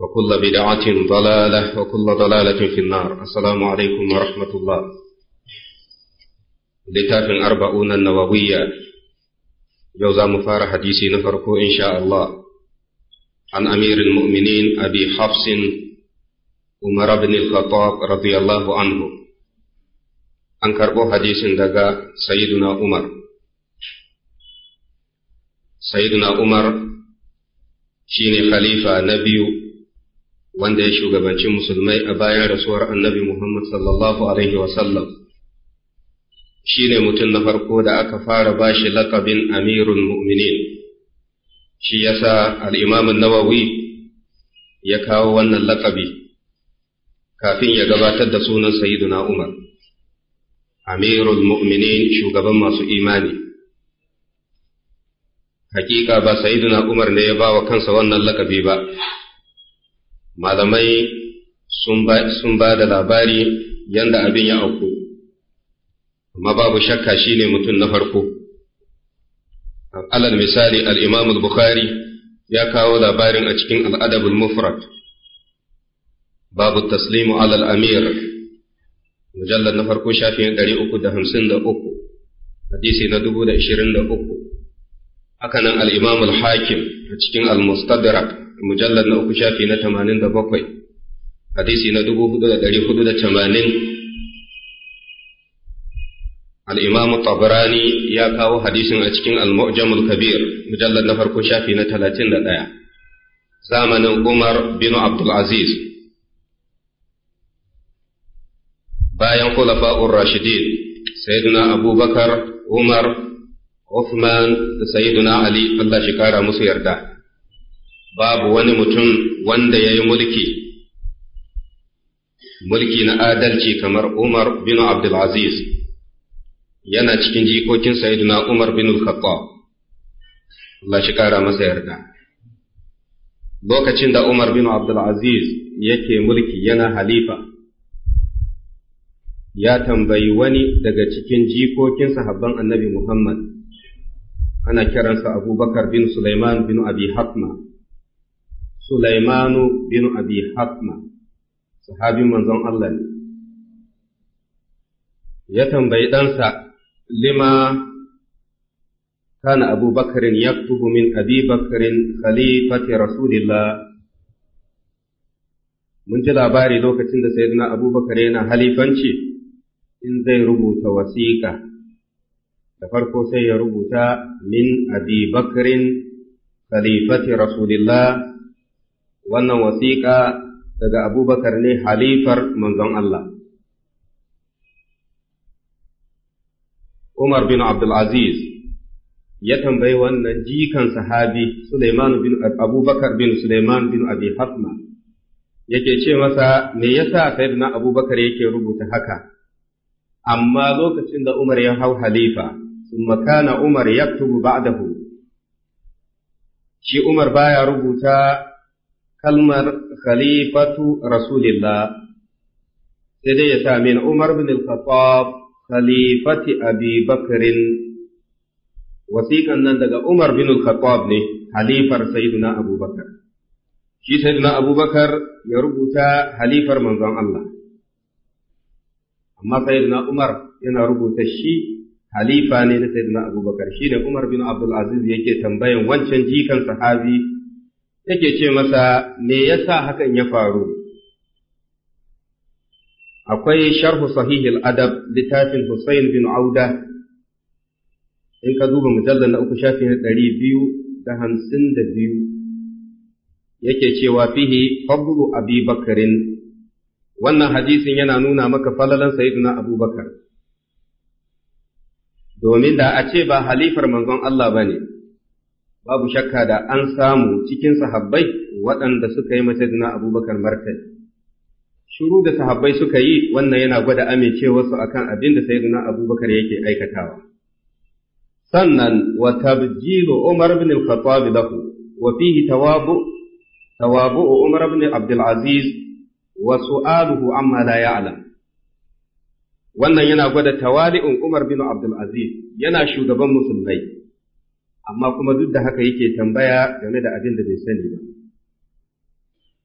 وكل بدعة ضلالة وكل ضلالة في النار السلام عليكم ورحمة الله لتاف أربعون النووية جوزا مفار حديثي نفركو إن شاء الله عن أمير المؤمنين أبي حفص عمر بن الخطاب رضي الله عنه عن كربو حديث دقا سيدنا عمر سيدنا عمر شيني خليفة نبي wanda ya shugabanci musulmai a bayan rasuwar annabi Muhammad sallallahu Alaihi wasallam shi ne mutum na farko da aka fara ba shi laƙabin amirul mu'minin shi yasa al'imamin nawawi ya kawo wannan laƙabi kafin ya gabatar da sunan Sayyiduna Umar amirul mu'minin shugaban masu imani. hakika ba Sayyiduna Umar ne ya ba wa kansa wannan lakabi ba, malamai sun ba da labari yanda abin ya auku amma babu shakka shine mutum na farko alal misali al al-bukhari ya kawo labarin a cikin al-adab babu taslimu alal amir mujallar na farko shafin uku, hadisi na 2023 haka nan al-imam al-hakim a cikin al-mustadrak mujallar na uku shafi na tamanin da bakwai hadisi na dubu hudu da dari hudu da tamanin al'imamu tabarani ya kawo hadisin a cikin al-mu'jamul kabir mujallar na farko shafi na talatin da ɗaya zamanin umar bin aziz. bayan kula kulafa'ur rashidin sayyiduna abubakar umar Uthman da Sayyiduna Ali Allah shi kara musu yarda babu wani mutum wanda ya yi mulki mulki na adalci kamar Umar bin Abdulaziz yana cikin jikokin Sayyiduna Umar bin Khattab Allah shi kara masa yarda lokacin da Umar bin Abdulaziz yake mulki yana halifa ya tambayi wani daga cikin jikokin sahabban annabi Muhammad ana kiransa Abubakar bin Sulaiman bin Abi Hatma Sulaimanu bin Abi Hasma, sahabin manzon Allah ne, ya tambayi ɗansa lima kana Abu Bakarin ya min Abi Bakarin Rasulillah. Mun ji labari lokacin da Sayyidina Abubakar yana halifanci in zai rubuta wasiƙa, da farko sai ya rubuta min Abi Bakarin khalifati Rasulillah wannan wasiƙa daga abubakar ne halifar manzon Allah. Umar bin Abdulaziz ya tambayi wannan jikan sahabi Suleiman bin Abubakar bin Suleiman bin Abi Hafna yake ce masa me yasa na Abubakar yake rubuta haka amma lokacin da Umar ya hau halifa sun makana Umar tubu ba'dahu shi Umar baya rubuta kalmar khalifatu rasulillah sai dai ya sa min Umar bin al-Khattab khalifati Abi Bakrin wasiƙan nan daga Umar bin al-Khattab ne Khalifar Sayyidina Abu Bakar shi Sayyidina Abu Bakar ya rubuta Khalifar manzon Allah amma Sayyidina Umar yana rubuta shi Khalifa ne na Sayyidina Abu Bakar shi ne Umar bin Abdul Aziz yake tambayan wancan jikan sahabi take ce masa me yasa hakan ya faru akwai sharhu sahihil adab littafin Hussein bin Auda in ka duba mujallar na uku shafin ɗari biyu da hamsin da biyu yake cewa fihi fadlu abi bakarin wannan hadisin yana nuna maka falalan sayyiduna abubakar domin da a ce ba halifar manzon Allah ba ne babu shakka da an samu cikin sahabbai waɗanda suka yi masajina abubakar martani shuru da sahabbai suka yi wannan yana gwada amincewarsu akan abin da sayyidina abubakar yake aikatawa sannan wa tabjilu umar ibn al-khattab lahu wa fihi tawabu tawabu umar ibn abdul aziz wa su'aluhu amma la ya'lam wannan yana gwada tawali'un umar bin abdul aziz yana shugaban musulmai amma kuma duk da haka yake tambaya game da abin da bai sani ba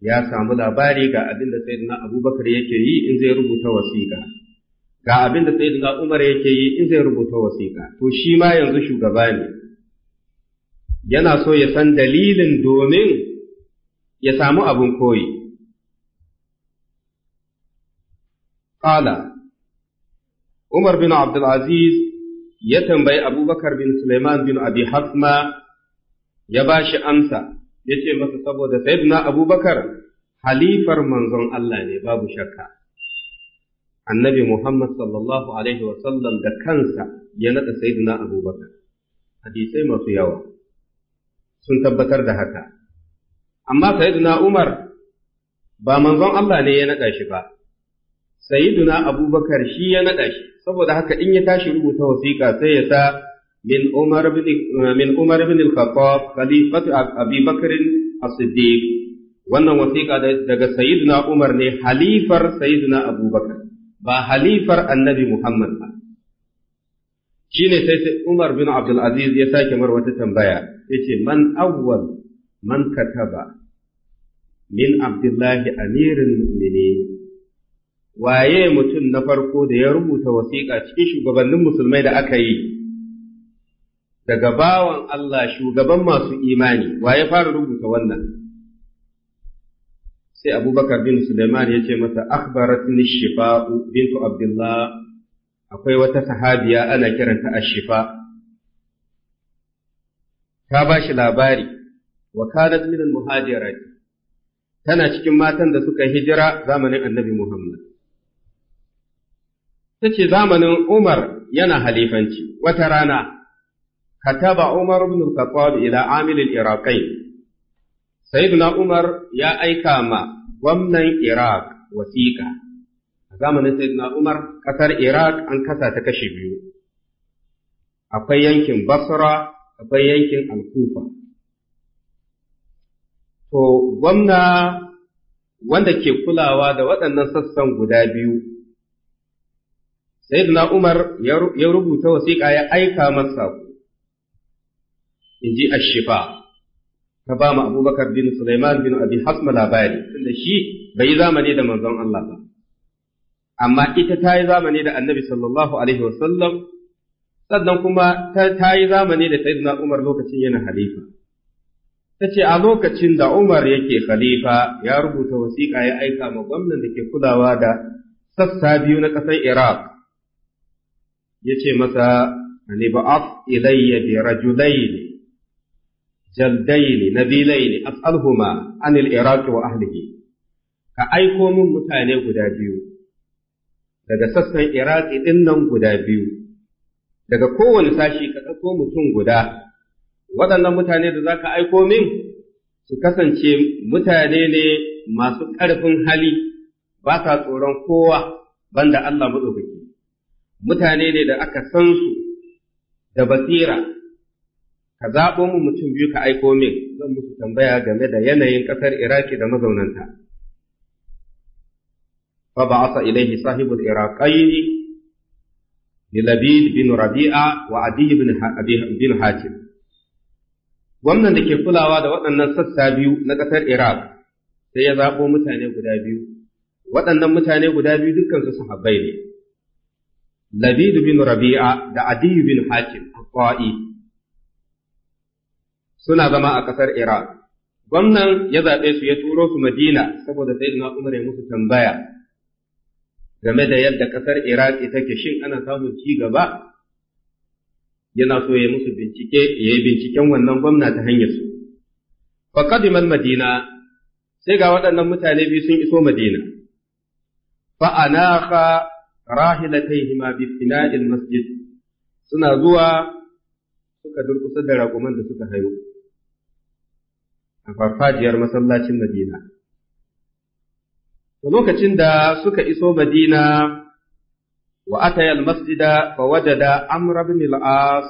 ya samu labari ga abin da sayyidina abubakar yake yi in zai rubuta wasiƙa ga abin da sayyidina umar yake yi in zai rubuta wasiƙa to shi ma yanzu shugaba ne yana so ya san dalilin domin ya samu abin koyi قال عمر بن عبد العزيز ya tambayi abubakar bin Suleiman bin Abi Hasma ya ba shi amsa, ya ce masa saboda Sayyidina Abubakar halifar manzon Allah ne babu shakka. Annabi Muhammad sallallahu Alaihi wasallam da kansa ya naɗa Sayyidina Abubakar, hadisai masu yawa sun tabbatar da haka. Amma Sayyidina Umar ba manzon Allah ne ya naɗa shi ba, sayyiduna abubakar shi ya naɗa shi saboda haka in ya tashi rubuta wasiƙa sai ya sa min umar bin min umar bin al-khattab khalifatu abi bakr as-siddiq wannan wasiƙa daga sayyiduna umar ne halifar sayyiduna abubakar ba halifar annabi muhammad ba shine sai sai umar bin abdul aziz ya sake mar wata tambaya yace man awwal man kataba min abdullahi amirul mu'minin waye mutum na farko da ya rubuta wasiƙa cikin shugabannin musulmai da aka yi daga bawan Allah shugaban masu imani waye fara rubuta wannan sai abubakar bin Suleiman ya ce mata akhbaratni shifa'u bintu abdullah akwai wata sahabiya ana kiranta ashifa ta ba shi labari wa kanat min al tana cikin matan da suka hijira zamanin annabi Muhammad ta ce zamanin Umar yana halifanci, wata rana, kataba Umar ibn al-Khattab ila amilil Iraqai, Sayyiduna Umar ya aika ma gwamnan Iraq wasiƙa, a zamanin Sayyiduna Umar ƙasar Iraq an kasa ta kashe biyu, akwai yankin Basra, akwai yankin Al-Kufa. To, gwamna wanda ke kulawa da waɗannan sassan guda biyu sayyidina Umar ya rubuta wasiƙa ya aika masa in ji ashifa ta ba Abubakar bin Sulaiman bin Abi Hasma labari tunda shi bai yi zamani da manzon Allah amma ita ta yi zamani da Annabi sallallahu sannan kuma ta yi zamani da sayyidina Umar lokacin yana halifa ta ce a lokacin da Umar yake khalifa ya rubuta wasiƙa ya aika ma gwamnan da ke kulawa da sassa biyu na ƙasar Iraq ya ce masa ani ba'af ilayya bi rajulaini jaldaini nabilaini as'alhuma anil iraqi wa ahlihi ka aiko min mutane guda biyu daga sassan iraqi din nan guda biyu daga kowane sashi ka ɗauko mutum guda waɗannan mutane da za ka aiko min su kasance mutane ne masu ƙarfin hali ba sa tsoron kowa banda Allah maɗaukaki mutane ne da aka san su da basira ka zaɓo mu mutum biyu ka aiko min zan musu tambaya game da yanayin ƙasar iraki da mazaunanta fa ba'atha ilayhi sahibul iraqayni للبيد بن ربيعة وعدي بن بن حاتم gwamnan da ke kulawa da waɗannan sassa biyu na ƙasar Iraq sai ya zaɓo mutane guda biyu waɗannan mutane guda biyu su sahabbai ne Labid bin Rabi'a da Adi bin Hakim Kwa'i suna zama a ƙasar Iran. Gwamnan ya zaɓe su ya turo su Madina saboda sai na Umar ya musu tambaya game da yadda ƙasar Iraq take shin ana samun ci gaba yana so ya musu bincike ya yi binciken wannan gwamna ta hanyar su. Fakadiman Madina sai ga waɗannan mutane biyu sun iso Madina. Fa'anaka rahilataihima bi fina'il masjid suna zuwa suka durkusa da raguman da suka hayo a farfajiyar masallacin Madina to lokacin da suka iso Madina wa atayal masjida fa wajada Amr ibn al-As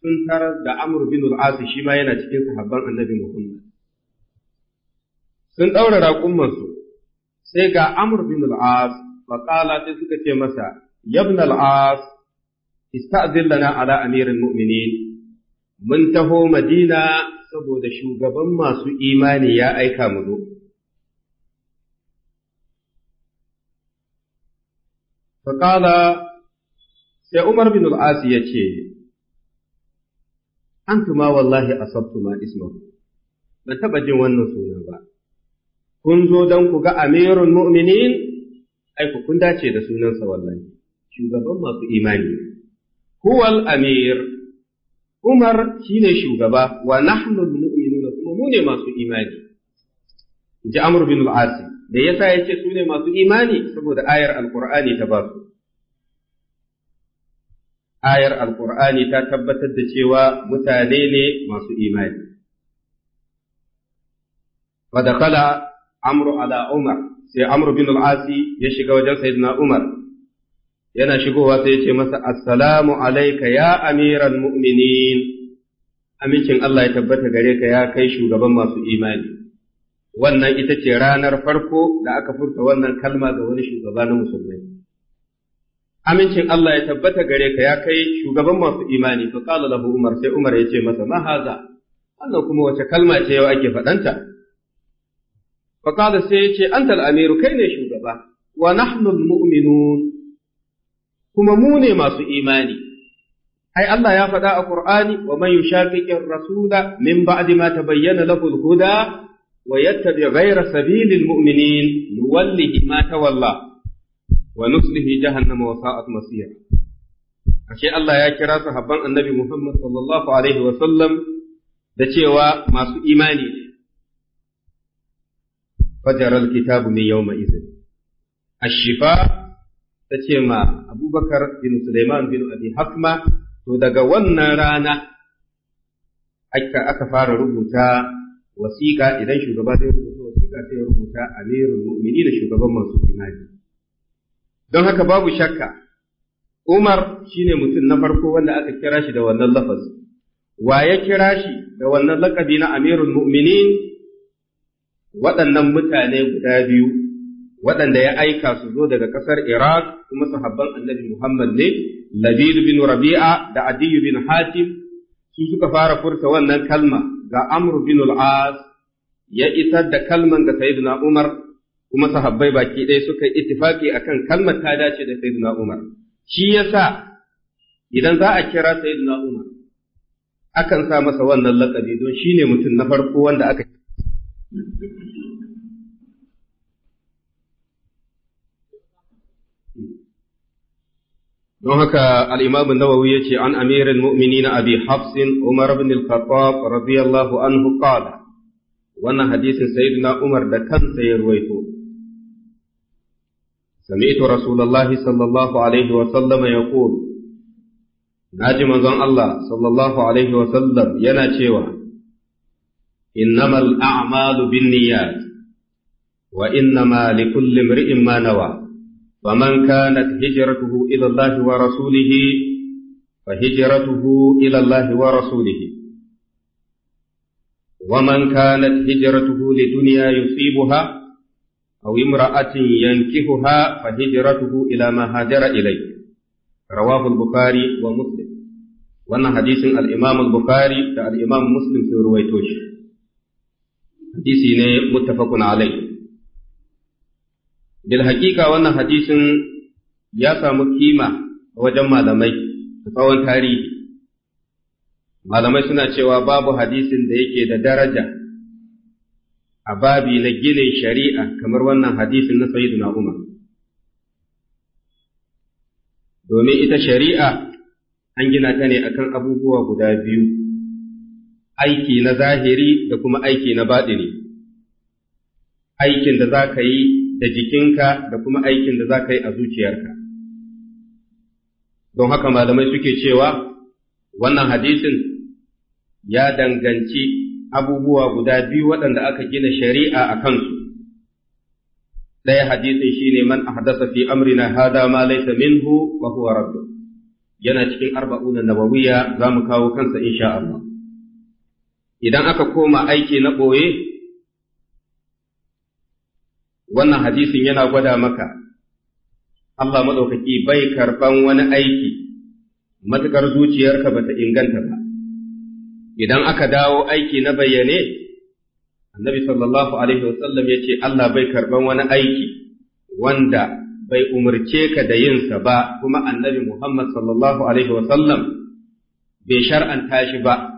sun tarar da Amr ibn al-As shi ma yana cikin sahabban Annabi Muhammad sun daura raƙumansu sai ga Amr ibn al-As faƙala sai suka ce masa yabna al'as ista'zin ala amirin mu'minin mun taho madina saboda shugaban masu imani ya aika mu zo faƙala sai umar bin al'as ya ce an tuma wallahi asabtuma ismahu ban taɓa jin wannan suna ba kun zo don ku ga amirul mu'minin aiko kun dace da sunansa wallahi shugaban masu imani huwal amir Umar shine shugaba wa nahnu almu'minuna kuma mu ne masu imani ji Amr bin al-As da yasa yace su ne masu imani saboda ayar alqur'ani ta ba su ayar alqur'ani ta tabbatar da cewa mutane ne masu imani fa dakala amru ala Umar sai amru bin al-Asi ya shiga wajen Sayyidina Umar yana shigowa sai ya ce masa assalamu alayka ya amiran mu'minin amincin Allah ya tabbata gare ka ya kai shugaban masu imani wannan ita ce ranar farko da aka furta wannan kalma ga wani shugaba na musulmai amincin Allah ya tabbata gare ka ya kai shugaban masu imani fa qala lahu Umar sai Umar ya ce masa ma haza wannan kuma wace kalma ce yau ake faɗanta faƙada sai ya ce an tal'amiru kai ne shugaba wa nahnul mu'minun kuma mu ne masu imani ai Allah ya faɗa a Kur'ani wa man yushaqiqir rasula min ba'di ma tabayyana lahu al-huda wa yattabi ghayra sabilil mu'minin nuwallihi ma tawalla wa nuslihi jahannama wa sa'at masira ashe Allah ya kira sahabban annabi Muhammad sallallahu alaihi wa sallam da cewa masu imani fajaral kitabu min yawma idin ashifa ta ce ma abubakar bin suleiman bin abi hakma to daga wannan rana aka aka fara rubuta wasiƙa idan shugaba zai rubuta wasiƙa sai rubuta amirul mu'mini da shugaban masu imani don haka babu shakka Umar shine mutum na farko wanda aka kira shi da wannan lafazi wa ya kira shi da wannan laƙabi na amirul waɗannan mutane guda biyu waɗanda ya aika su zo daga ƙasar Iraq kuma sahabban annabi Muhammad ne, Labid bin Rabi'a da Adiyu bin Hatim su suka fara furta wannan kalma ga Amr bin al-As ya isar da kalman ga Sayyidina Umar kuma sahabbai baki ɗaya suka yi ittifaki akan kalmar ta dace da Sayyidina Umar. Shi sa idan za a kira Sayyidina Umar akan sa masa wannan lakabi don ne mutum na farko wanda aka don haka al-imam an-nawawi yace an amirul mu'minin abi hafs umar ibn al-khattab radiyallahu anhu qala wannan hadisin sayyidina umar da kansa ya ruwaito سمعت رسول الله صلى الله عليه وسلم يقول ناجي manzon Allah sallallahu alaihi wa sallam yana cewa innamal a'malu binniyat wa innama likulli imri'in ma nawa ومن كانت هجرته إلى الله ورسوله فهجرته إلى الله ورسوله ومن كانت هجرته لدنيا يصيبها أو امرأة ينكهها فهجرته إلى ما هاجر إليه رواه البخاري ومسلم وأن حديث الإمام البخاري الإمام مسلم في رويتوش حديث متفق عليه bil wannan hadisin ya samu kima wajen malamai da tsawon tarihi malamai suna cewa babu hadisin da yake da daraja a babi na ginin shari'a kamar wannan hadisin na sayyiduna Umar domin ita shari'a an gina ta ne akan abubuwa guda biyu aiki na zahiri da kuma aiki na baɗini aikin da za ka yi da jikinka da kuma aikin da za ka yi a zuciyarka. Don haka malamai suke cewa wannan hadisin ya danganci abubuwa guda biyu waɗanda aka gina shari'a a kansu. Ɗaya hadisin shi ne man ahdasa fi amrina hada ma laysa minhu wa huwa rabb. Yana cikin na nawawiya za mu kawo kansa insha Allah. Idan aka koma aiki na ɓoye, wannan hadisin yana gwada maka Allah maɗaukaki bai karɓan wani aiki matuƙar zuciyarka ba ta inganta ba idan aka dawo aiki na bayyane annabi sallallahu alaihi wasallam ya ce Allah bai karɓan wani aiki wanda bai umarce ka da yinsa ba kuma annabi Muhammad sallallahu alaihi wasallam bai shar'anta shi ba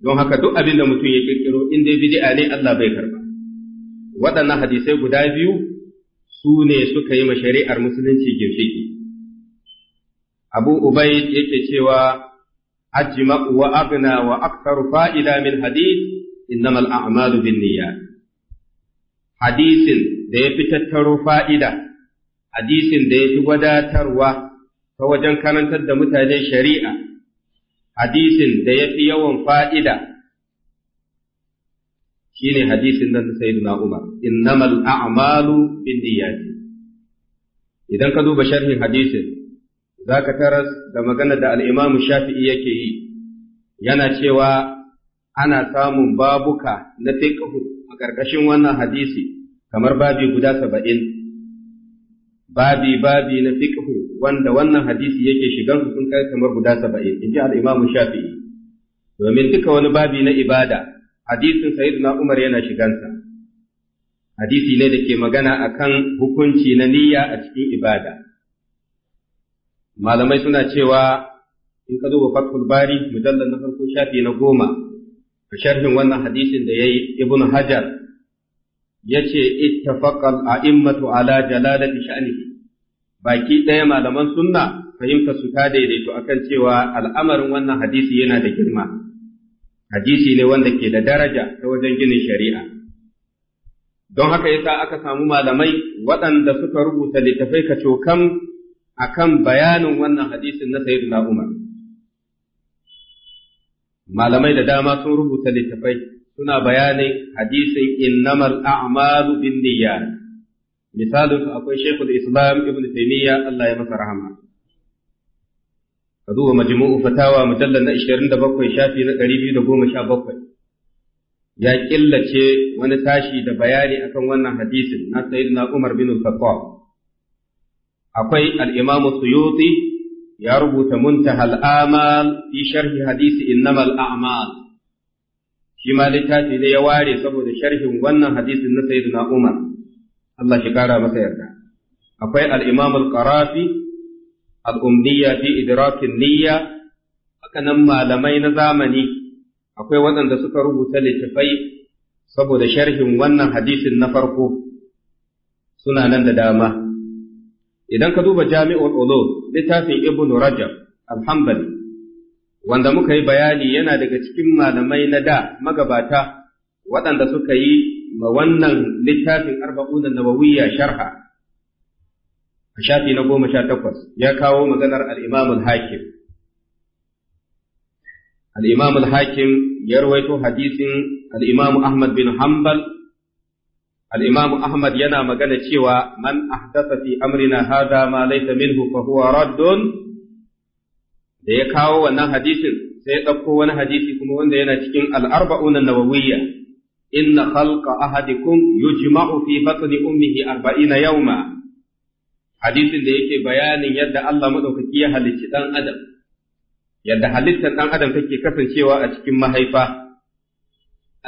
don haka duk abin da mutum ya kirkiro in dai bid'a ne Allah bai karɓa waɗannan hadisai guda biyu su ne suka yi shari'ar musulunci ginshiki. Abu Ubaid yake cewa ajma'u wa agna wa aktaru fa'ida min hadith innamal a'malu bin niyya. Hadisin da ya fi tattaro fa'ida, hadisin da ya fi wadatarwa ta wajen karantar da mutane shari'a, hadisin da ya fi yawan fa'ida shine hadisin nan sayyidina Umar innamal a'malu binniyati idan ka duba sharhin hadisin zaka taras da magana da al-Imam Shafi'i yake yi yana cewa ana samun babuka na fiqhu a ƙarƙashin wannan hadisi kamar babi guda saba'in babi babi na fiqhu wanda wannan hadisi yake shigan sun kai kamar guda saba'in in ji al-Imam Shafi'i domin duka wani babi na ibada hadisin na Umar yana shigansa hadisi ne da ke magana akan hukunci na niyya a cikin ibada malamai suna cewa in ka duba fathul bari mujallal na farko shafi na goma a sharhin wannan hadisin da yayi ibn hajar yace ittafaqal a'immatu ala jalalati sha'nihi baki ɗaya malaman sunna fahimta su ta daidaito akan cewa al'amarin wannan hadisi yana da girma hadisi ne wanda ke da daraja ta wajen ginin shari'a don haka yasa aka samu malamai waɗanda suka rubuta littafai cokan akan bayanin wannan hadisin na na Umar malamai da dama sun rubuta littafai suna bayanin hadisin innamal a'malu binniyat misalin akwai Sheikhul Islam Ibn Taymiyyah Allah ya masa rahama ka duba majmu'u fatawa mujallal na 27 shafi na 217 ya killace wani tashi da bayani akan wannan hadisin na sayyidina Umar bin Khattab akwai al-Imam Suyuti ya rubuta muntahal amal fi sharhi hadisi innamal a'mal shi ma littafi ne ya ware saboda sharhin wannan hadisin na sayyidina Umar Allah shi kara masa yarda akwai al-Imam al-Qarafi al'umdiyya fi idrakin niyya hakanan malamai na zamani akwai waɗanda suka rubuta littafai saboda sharhin wannan hadisin na farko suna nan da dama idan ka duba jami'ul Olo, littafin ibn rajab alhambali wanda muka yi bayani yana daga cikin malamai na da magabata waɗanda suka yi ma wannan littafin arba'unan nawawiyya sharha a shafi na goma sha takwas ya kawo maganar al'imam al-hakim. Al'imam al-hakim ya rawaito hadisin al'imam Ahmad bin Hanbal, al'imam Ahmad yana magana cewa man ahdasa fi amrina hada ma laita minhu fa huwa da ya kawo wannan hadisin sai ya ɗauko wani hadisi kuma wanda yana cikin al'arba'una nawawiyya inna khalqa ahadikum yujma'u fi batni ummihi arba'ina yawma hadisin da yake bayanin yadda Allah maɗaukaki ya halicci ɗan adam yadda halittar ɗan adam take kasancewa a cikin mahaifa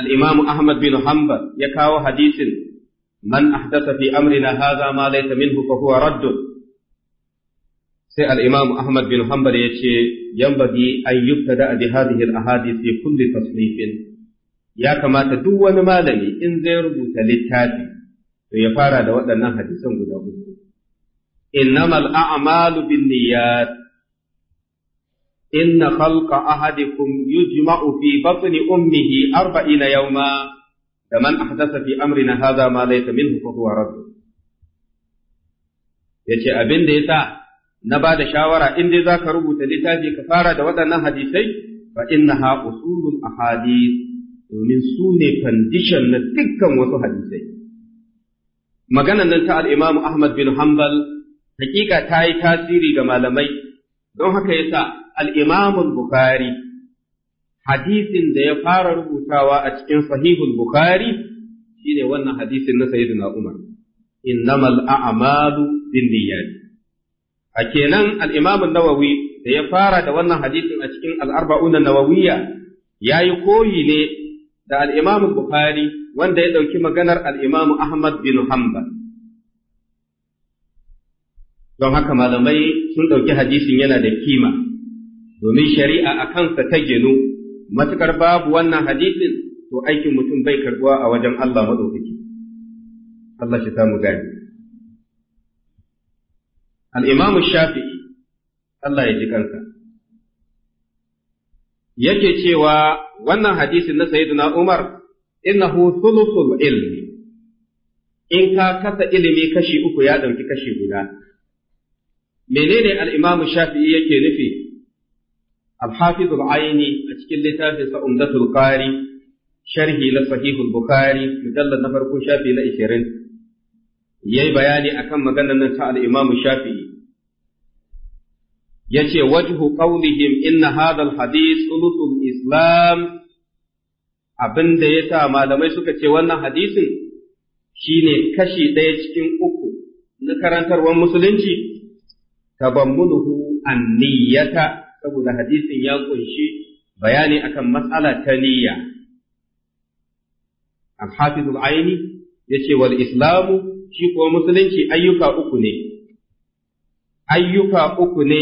al-imamu Ahmad bin Hanbal ya kawo hadisin man ahdatha fi amrina hadha ma laysa minhu fa huwa radd sai al-imamu Ahmad bin Hanbal ya ce yanbaghi an yubtada bi hadhihi al-ahadith fi kulli tasnifin ya kamata duk wani malami in zai rubuta littafi to ya fara da waɗannan hadisan guda uku innamal a'malu binniyat inna khalqa ahadikum yujma'u fi batni ummihi arba'ina yawma faman ahdatha fi amrina hadha ma laysa minhu fa huwa yace abin da yasa na bada shawara in dai zaka rubuta littafi ka fara da waɗannan hadisai fa innaha usulul ahadith domin su ne kandishan na dukkan wasu hadisai. Maganan nan ta al'imamu Ahmad bin Hanbal hakika ta yi tasiri ga malamai don haka ya sa al’imamun bukhari hadisin da ya fara rubutawa a cikin sahihul Bukhari shi ne wannan hadisin na Sayyidina Umar innamal a'malu binniyat a kenan al nawawi da ya fara da wannan hadisin a cikin al Nawawiya ya nawawiyya yayi koyi ne da al’imamun bukhari wanda ya ɗauki maganar al'imamu Ahmad bin Hanbal don haka malamai sun ɗauki hadisin yana da kima domin shari'a a kansa ta genu matukar babu wannan hadisin to aikin mutum bai karbuwa a wajen Allah maɗaukaki Allah shi samu gani al'imamu shafi'i Allah ya ji kansa yake cewa wannan hadisin na sayyiduna Umar innahu thuluthul ilmi in ka kasa ilimi kashi uku ya ɗauki kashi guda menene alimamu Shafi'i yake nufi al-Hafiz aini a cikin littafin sa Umdatul sharhi na sahihul al-Bukhari na farko shafi na ya yayi bayani akan maganar nan ta alimamu shafi'i. Ya ce wajhu qawlihim inna hadha al-hadith sulutul islam abin da ya sa malamai suka ce wannan hadisin shine kashi ɗaya cikin uku na karantarwar musulunci tabammuluhu an-niyyata saboda hadisin ya kunshi bayani akan matsala ta niyya al-hafiz al-aini yace wal islamu shi ko musulunci ayyuka uku ne ayyuka uku ne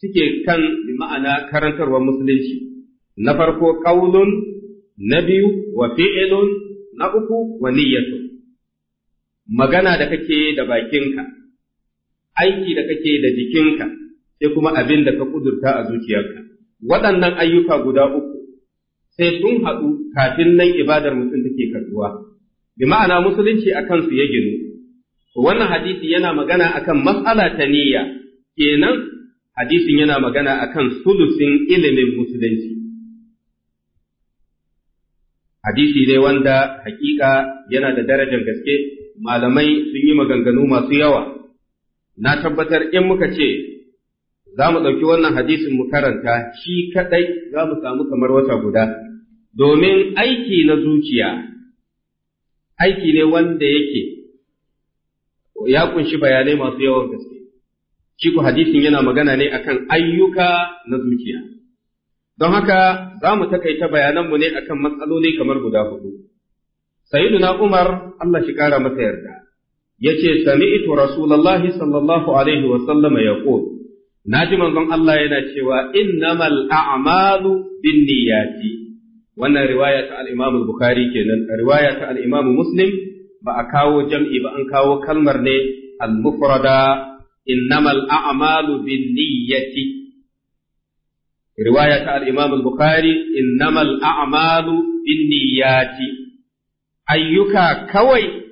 suke kan ma'ana karantarwar musulunci na farko qaulun na biyu wa fi'lun na uku wa niyyatun magana da kake da bakinka aiki da kake da jikinka sai kuma abin da ka kudurta a zuciyarka waɗannan ayyuka guda uku sai sun haɗu kafin nan ibadar mutum take karɓuwa bi ma'ana musulunci akan su ya ginu wannan hadisi yana magana akan matsala ta niyya kenan hadisin yana magana akan sulusin ilimin musulunci hadisi ne wanda hakika yana da darajar gaske malamai sun yi maganganu masu yawa na tabbatar in muka ce za mu ɗauki wannan hadisin mu karanta shi kaɗai za mu samu kamar wata guda domin aiki na zuciya aiki ne wanda yake ya ƙunshi bayanai masu yawan gaske shi ku hadisin yana magana ne akan ayyuka na zuciya don haka za mu takaita bayananmu ne akan matsaloli kamar guda hudu sayyiduna umar Allah shi kara masa yarda yace sami'tu rasulullahi sallallahu alaihi wa sallama yaqul naji manzon Allah yana cewa innamal a'malu binniyati wannan riwaya ta al-Imam al-Bukhari kenan riwaya ta al-Imam Muslim ba a kawo jam'i ba an kawo kalmar ne al-mufrada innamal a'malu binniyati رواية الإمام البخاري إنما الأعمال بالنيات Ayyuka kawai.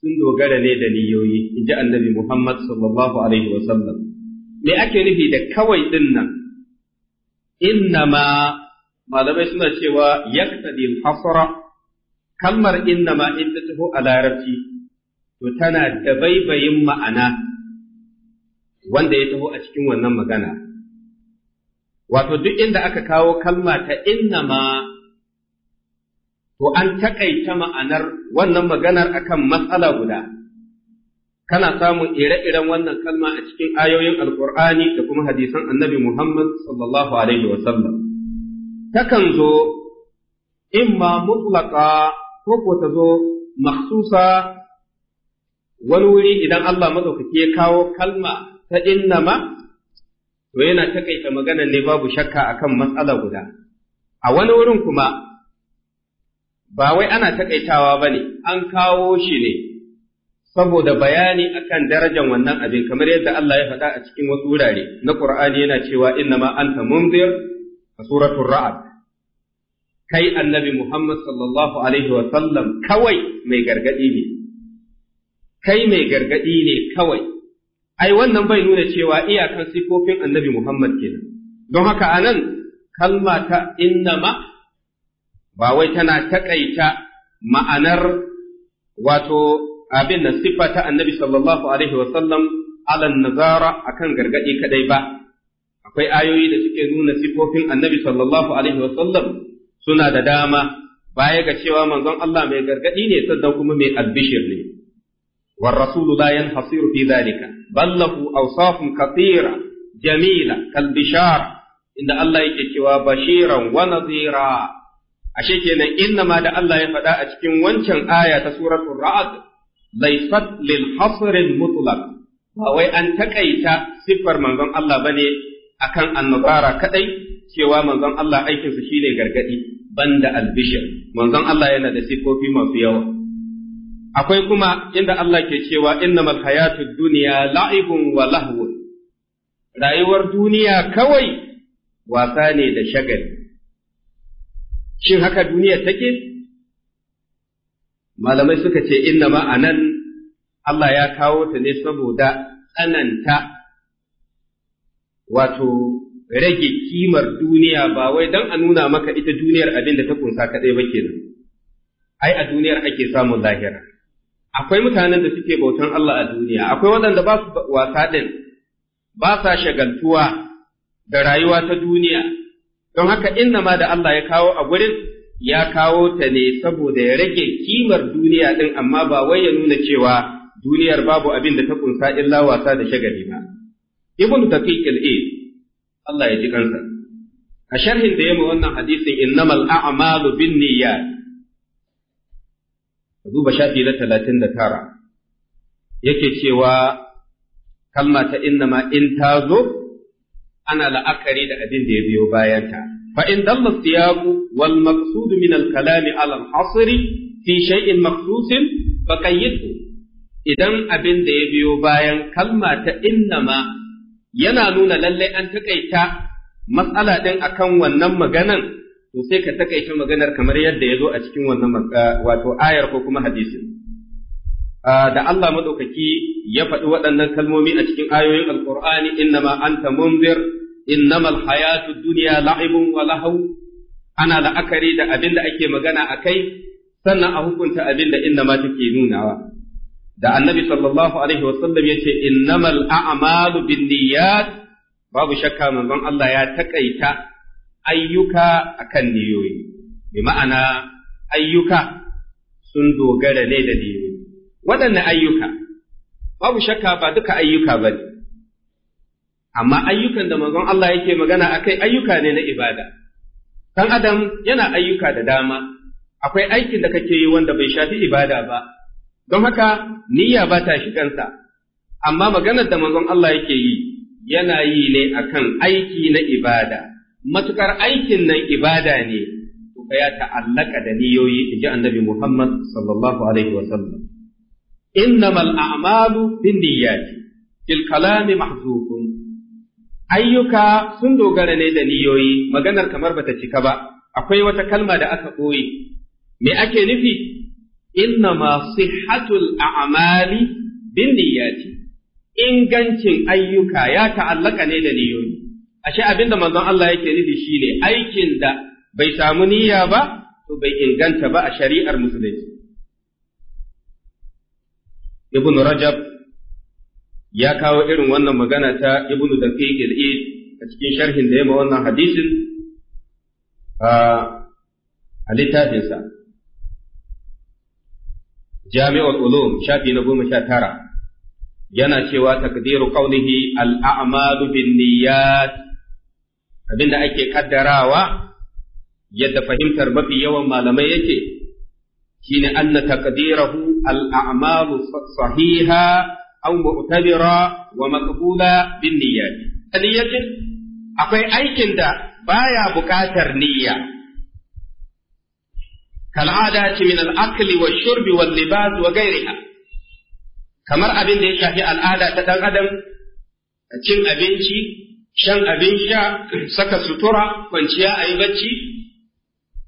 sun dogara ne da niyoyi in ji annabi Muhammad sallallahu alaihi wa sallam me ake nufi da kawai din nan innama malamai suna cewa yaktadi hasara kalmar innama in ta taho a larabci to tana da baibayin ma'ana wanda ya taho a cikin wannan magana wato duk inda aka kawo kalma ta innama to an takaita ma'anar wannan maganar akan matsala guda kana samun ire-iren wannan kalma a cikin ayoyin Alƙur'ani da kuma hadisan annabi Muhammad sallallahu alaihi wa sallam takan zo imma mutlaka ko ko ta zo makhsusa wani wuri idan Allah madaukaki ya kawo kalma ta innama to yana takaita maganar ne babu shakka akan matsala guda a wani wurin kuma ba wai ana takaitawa ba ne, an kawo shi ne saboda bayani akan darajar wannan abin kamar yadda Allah ya faɗa a cikin wasu wurare na ƙur'ani yana cewa an anta munzir a suratun ra'ad. kai annabi Muhammad sallallahu alaihi wa sallam kawai mai gargadi ne kai mai gargadi ne kawai ai wannan bai nuna cewa iyakan sifofin annabi Muhammad kenan don haka anan kalma ta ma ba wai tana taƙaita ma'anar wato abin da ta annabi sallallahu alaihi wasallam alan nazara akan gargaɗi kadai ba akwai ayoyi da suke nuna siffofin annabi sallallahu alaihi wasallam suna da dama baya ga cewa manzon Allah mai gargaɗi ne sannan kuma mai albishir ne والرسول لا ينحصر في ذلك بل له أوصاف كثيرة inda Allah yake cewa Bashiran, بشيرا ونظيرا ashe kenan inna ma da Allah ya faɗa a cikin wancan aya ta suratul ra'd laifat lil hasril mutlaq ba wai an takaita siffar manzon Allah bane akan annabara kadai cewa manzon Allah aikinsa shine gargadi banda albishir manzon Allah yana da sifofi masu yawa akwai kuma inda Allah ke cewa innamal hayatud dunya la'ibun wa lahwun rayuwar duniya kawai wasa ne da shagali shin haka duniya take malamai suka ce inna ma anan Allah ya kawo ta ne saboda tsananta wato rage kimar duniya ba wai don a nuna maka ita duniyar abin da ta kunsa kaɗai ba kenan ai a duniyar ake samun lahira akwai mutanen da suke bautan Allah a duniya akwai waɗanda ba su wasa ɗin ba sa shagaltuwa da rayuwa ta duniya don haka inna ma da Allah ya kawo a gurin ya kawo ta ne saboda ya rage kimar duniya din amma ba wai ya nuna cewa duniyar babu abin da ta kunsa illa wasa da shagali ba ibnu tafiq al Allah ya ji kansa a sharhin da yamma wannan hadisin innamal a'malu binniyat duba shafi na 39 yake cewa kalma ta innama in ta zo ana la'akari da abin da ya biyo bayanta fa in dalla siyabu wal maqsud min al kalam ala al hasri fi shay'in maqsus fa idan abin da ya biyo bayan kalma ta innama yana nuna lallai an takaita matsala din akan wannan maganan to sai ka takaice maganar kamar yadda ya zo a cikin wannan eh, wato ayar ko kuma hadisin ah, da Allah madaukaki ya faɗi waɗannan kalmomi a cikin ayoyin alqur'ani innama anta munzir innamal hayatud dunya la'ibun wa lahu ana la'akari da abin da ake magana a kai sannan a hukunta abin da innama take nunawa da annabi sallallahu alaihi wasallam ya ce innamal a'malu binniyat babu shakka manzon Allah ya takaita ayyuka akan niyoyi bi ma'ana ayyuka sun dogara ne da niyoyi waɗanne ayyuka babu shakka ba duka ayyuka bane amma ayyukan da manzon Allah yake magana akai ayyuka ne na ibada dan adam yana ayyuka da dama akwai aikin da kake yi wanda bai shafi ibada ba don haka niyya ba ta shi kansa amma maganar da manzon Allah yake yi yana yi ne akan aiki na ibada matukar aikin nan ibada ne to ya ta'allaka da niyoyi inji annabi Muhammad sallallahu alaihi wa sallam innamal a'malu binniyati fil kalami mahzufun ayyuka sun dogara ne da niyoyi maganar kamar bata cika ba akwai wata kalma da aka ɓoye me ake nufi ma sihhatul a'mali bin niyyati ingancin ayyuka ya ta'allaka ne da niyoyi ashe abinda manzon Allah yake nufi shine aikin da bai samu niyya ba to bai inganta ba a shari'ar musulunci ibn rajab ya kawo irin wannan magana ta ibnu daqiq al-id a cikin sharhin da ya ma wannan hadisin a littafinsa jami'ul ulum shafi na goma sha tara yana cewa takdiru qawlihi al-a'malu bin niyyat abinda ake kaddarawa yadda fahimtar mafi yawan malamai yake shine anna takdirahu al-a'malu sahiha aw mu'tabira wa maqbula bin niyyat niyyatin akwai aikin da baya buƙatar niyya kal'adati min al-akli wa shurbi wal libas wa ghayriha kamar abin da ya shafi al'ada ta dan adam cin abinci shan abin sha saka sutura kwanciya ayi bacci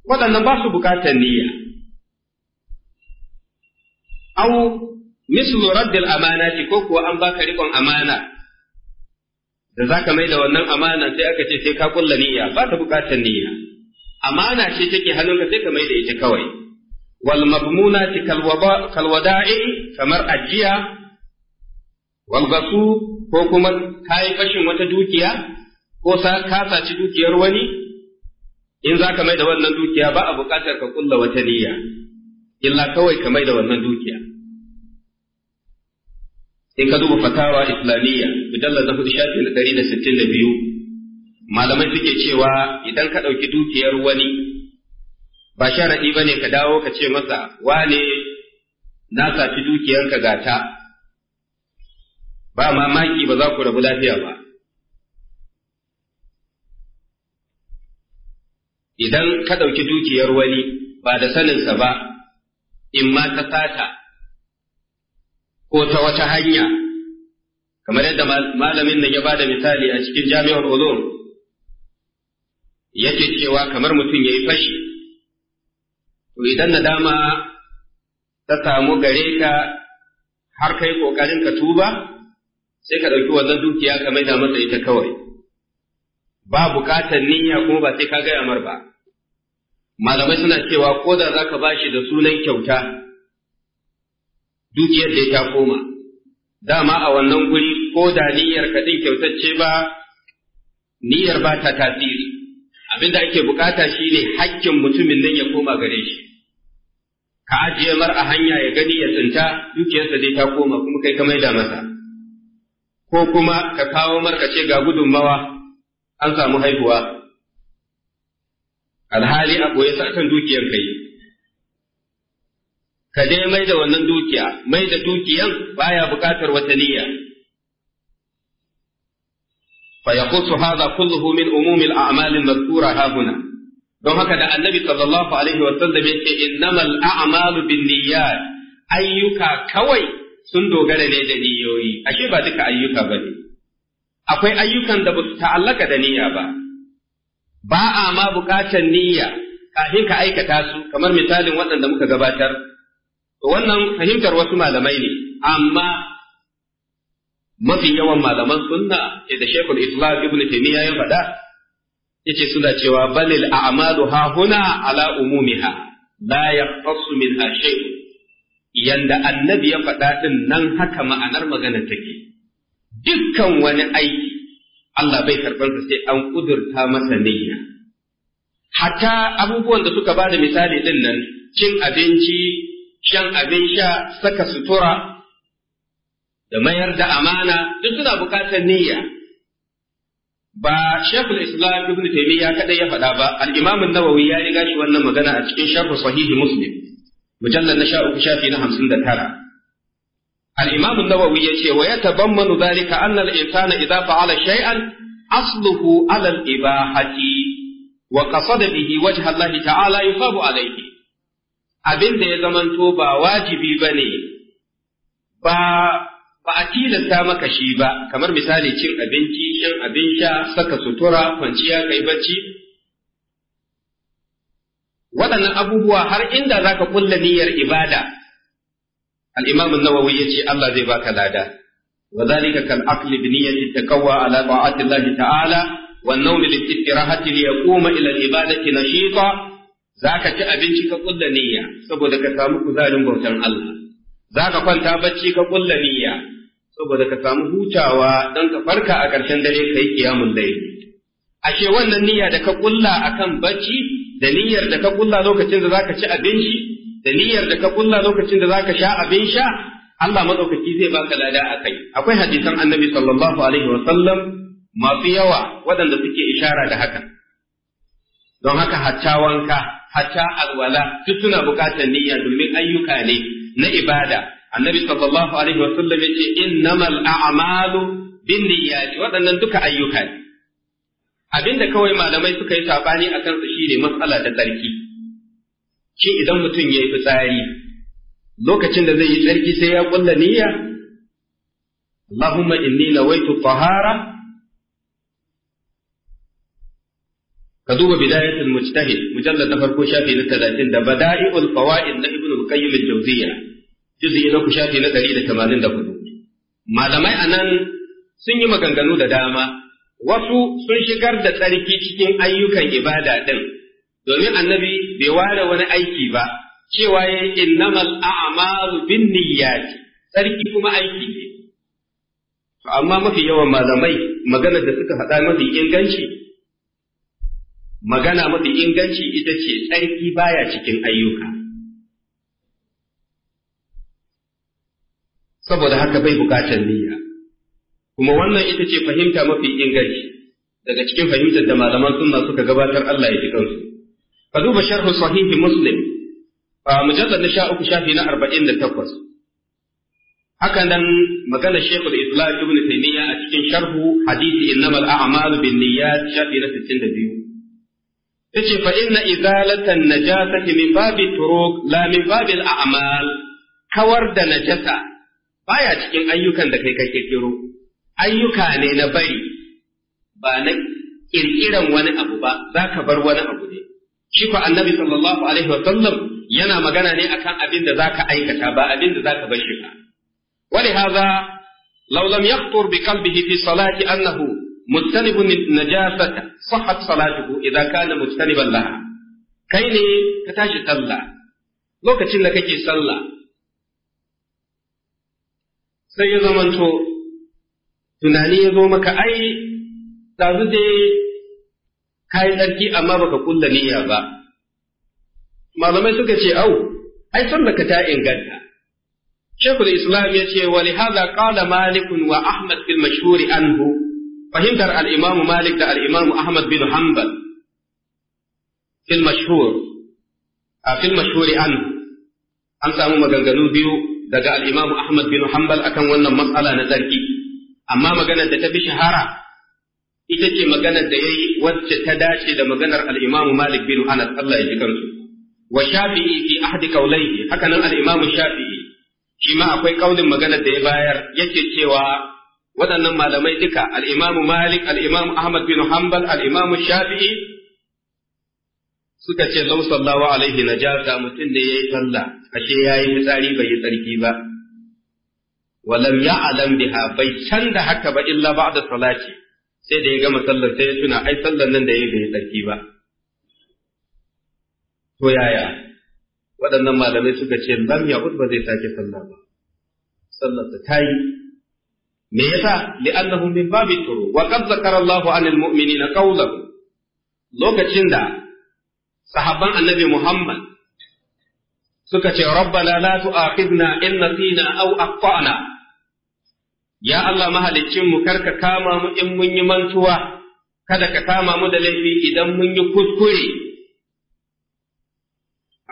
waɗannan ba su buƙatar niyya au mislu raddil amanati ko kuwa an baka rikon amana da zaka mai da wannan amana sai aka ce sai ka kulla niyya ba ta bukatar niyya amana ce take hannunka sai ka mai da ita kawai wal mabmunati kal wada'i kamar ajiya wal basu ko kuma kai fashin wata dukiya ko sa ka saci dukiyar wani in zaka mai da wannan dukiya ba a bukatar ka kulla wata niyya illa kawai ka mai da wannan dukiya in ka duba fatawa islamiyya bidalla na hudu shafi na ɗari da sittin da biyu malamai suke cewa idan ka ɗauki dukiyar wani ba sharaɗi ba ne ka dawo ka ce masa wane na saci dukiyarka gata ba mamaki ba za ku rabu lafiya ba idan ka ɗauki dukiyar wani ba da saninsa ba in ma ta sata ko ta wata hanya kamar yadda malamin nan ya ba da misali a cikin jami'ar ulum yake cewa kamar mutum ya yi fashi to idan nadama ta samu gare ka har kai ƙoƙarin ka tuba sai ka ɗauki wannan dukiya ka maida masa ita kawai ba buƙatar niyya kuma ba sai ka gaya mar ba malamai suna cewa ko da za ka ba shi da sunan kyauta dukiyar da ta koma dama a wannan guri ko da niyyar ka din kyautacce ba niyyar ba ta tasiri abinda ake bukata shine hakkin mutumin nan ya koma gare shi ka ajiye mar a hanya ya gani ya tsinta dukiyarsa dai ta koma kuma kai ka maida masa ko kuma ka kawo mar ka ce ga gudunmawa an samu haihuwa alhali a ya sa kan dukiyar kai ka je mai da wannan dukiya mai da dukiyan baya buƙatar wata niyya fa yaqussu hadha kulluhu min umumi al-a'mal al-madhkura ha don haka da annabi sallallahu alaihi wa sallam yake innamal a'malu binniyat ayyuka kawai sun dogara ne da niyyoyi. ashe ba duka ayyuka bane akwai ayyukan da ba su ta'allaka da niyya ba ba a ma buƙatar niyya kafin ka aikata su kamar misalin waɗanda muka gabatar To wannan fahimtar wasu malamai ne, amma mafi yawan malaman sunna da shekul Islam Ibn Taymiya ya faɗa yace suna cewa balil a'malu ha huna ala umumiha la yaqtasu minha shay yanda annabi ya faɗa din nan haka ma'anar maganar take dukkan wani aiki Allah bai karɓar sai an ƙudurta masa niyya hatta abubuwan da suka bada misali din nan cin abinci shan abin sha saka sutura da mayar da amana duk suna bukatar niyya ba shekul islam ibn taymiya kada ya faɗa ba al imam an-nawawi ya riga shi wannan magana a cikin sharh sahih muslim mujallad na 13 shafi na 59 al imam an-nawawi yace wa yatabammanu dhalika an al insana idza fa'ala shay'an asluhu ala al ibahati wa qasada bihi wajha allah ta'ala yusabu alayhi abin da ya zamanto ba wajibi ba ne, ba ba a tilasta maka shi ba, kamar misali cin abinci, shan abin sha, saka sutura, kwanciya kai bacci. Waɗannan abubuwa har inda za ka ƙulla niyyar ibada, al'imamun nawawi ya ce Allah zai baka lada, wa zalika kal aqli bi niyyati taqawwa ala ta'ati Allah ta'ala wa an-nawmi li istirahati li yaquma ila al-ibadati nashita za ka ci abinci ka kulla niyya saboda ka samu kuzarin bautan Allah za ka kwanta bacci ka kulla niyya saboda ka samu hutawa don ka farka a ƙarshen dare ka yi kiyamun laili ashe wannan niyya da ka kulla akan bacci da niyyar da ka kulla lokacin da za ka ci abinci da niyyar da ka kulla lokacin da za ka sha abin sha Allah madaukaki zai baka lada akai akwai hadisan Annabi sallallahu alaihi wa sallam masu yawa waɗanda suke ishara da haka don haka hatta wanka hatta alwala duk suna bukatar niyya domin ayyuka ne na ibada annabi sallallahu alaihi wasallam yace innamal a'malu binniyati waɗannan duka ayyuka ne abinda kawai malamai suka yi sabani akan su shine matsala da tsarki shi idan mutum yayi fitsari lokacin da zai yi tsarki sai ya kulla niyya Allahumma inni nawaitu tahara ka duba bidayatul mujtahid mujallad na farko shafi na 30 da bada'iul fawaid na ibnu qayyim al-jawziyya juz'i na shafi na 184 malamai anan sun yi maganganu da dama wasu sun shigar da tsarki cikin ayyukan ibada din domin annabi bai ware wani aiki ba cewa ya innamal a'malu bin niyyati tsarki kuma aiki ne amma mafi yawan malamai maganar da suka faɗa mafi inganci magana mafi inganci ita ce tsarki baya cikin ayyuka saboda haka bai bukatar niyya kuma wannan ita ce fahimta mafi inganci daga cikin fahimtar da malaman sunna suka gabatar Allah ya ji kansu ka duba sharhu sahihi muslim a mujallar na sha uku shafi na arba'in da takwas haka nan magana da islam ibn taymiya a cikin sharhu hadisi innamal a'malu bin niyyat shafi na sittin da biyu yace fa inna izalatan najasati min babi turuq la min babil a'mal kawar da najasa baya cikin ayyukan da kai ka kirkiro ayyuka ne na bari ba na kirkiran wani abu ba za ka bar wani abu ne shi ko annabi sallallahu alaihi wa sallam yana magana ne akan abin da zaka aikata ba abin da zaka bar shi ba ولهذا لو لم يخطر بقلبه في صلاة أنه mujtanibun najasata sahhat salatuhu idza kana mujtaniban laha kai ne ka tashi sallah lokacin da kake sallah sai ya zamanto tunani ya zo maka ai dazu dai kai tsarki amma baka kulla niyya ba malamai suka ce au ai sallah ta inganta shekul islam ya ce wa haza qala malikun wa ahmad fil mashhur anhu fahimtar al'imamu Malik da al'imamu Ahmad bin Hanbal fil mashhur a fil mashhuri an an samu maganganu biyu daga al'imamu Ahmad bin Hanbal akan wannan matsala na zargi amma maganar da ta fi shahara ita ce maganar da yayi wacce ta dace da maganar al'imamu Malik bin Anas Allah ya ji kansu wa shafi'i fi ahdi kaulaihi haka nan al'imamu shafi'i shi ma akwai kaulin maganar da ya bayar yake cewa waɗannan malamai duka al'imamu malik al'imamu ahmad bin hanbal al'imamu shafi'i suka ce lau sallahu alaihi na jasa mutum da ya yi sallah ashe ya yi fitsari bai yi tsarki ba walam ya alam biha bai canza haka ba illa ba da salati sai da ya gama sallar sai ya tuna ai sallar nan da ya yi bai yi tsarki ba to yaya waɗannan malamai suka ce lam ya ba zai sake sallah ba sallarsa ta yi me yasa li'annahu min babit turu wa qad zakara Allahu 'anil mu'minina qawlan lokacin da sahabban annabi Muhammad suka ce rabbana la tu'akhidna in nasina aw aqtana ya Allah mahalicin mu karka kama mu in mun yi mantuwa kada ka kama mu da laifi idan mun yi kuskure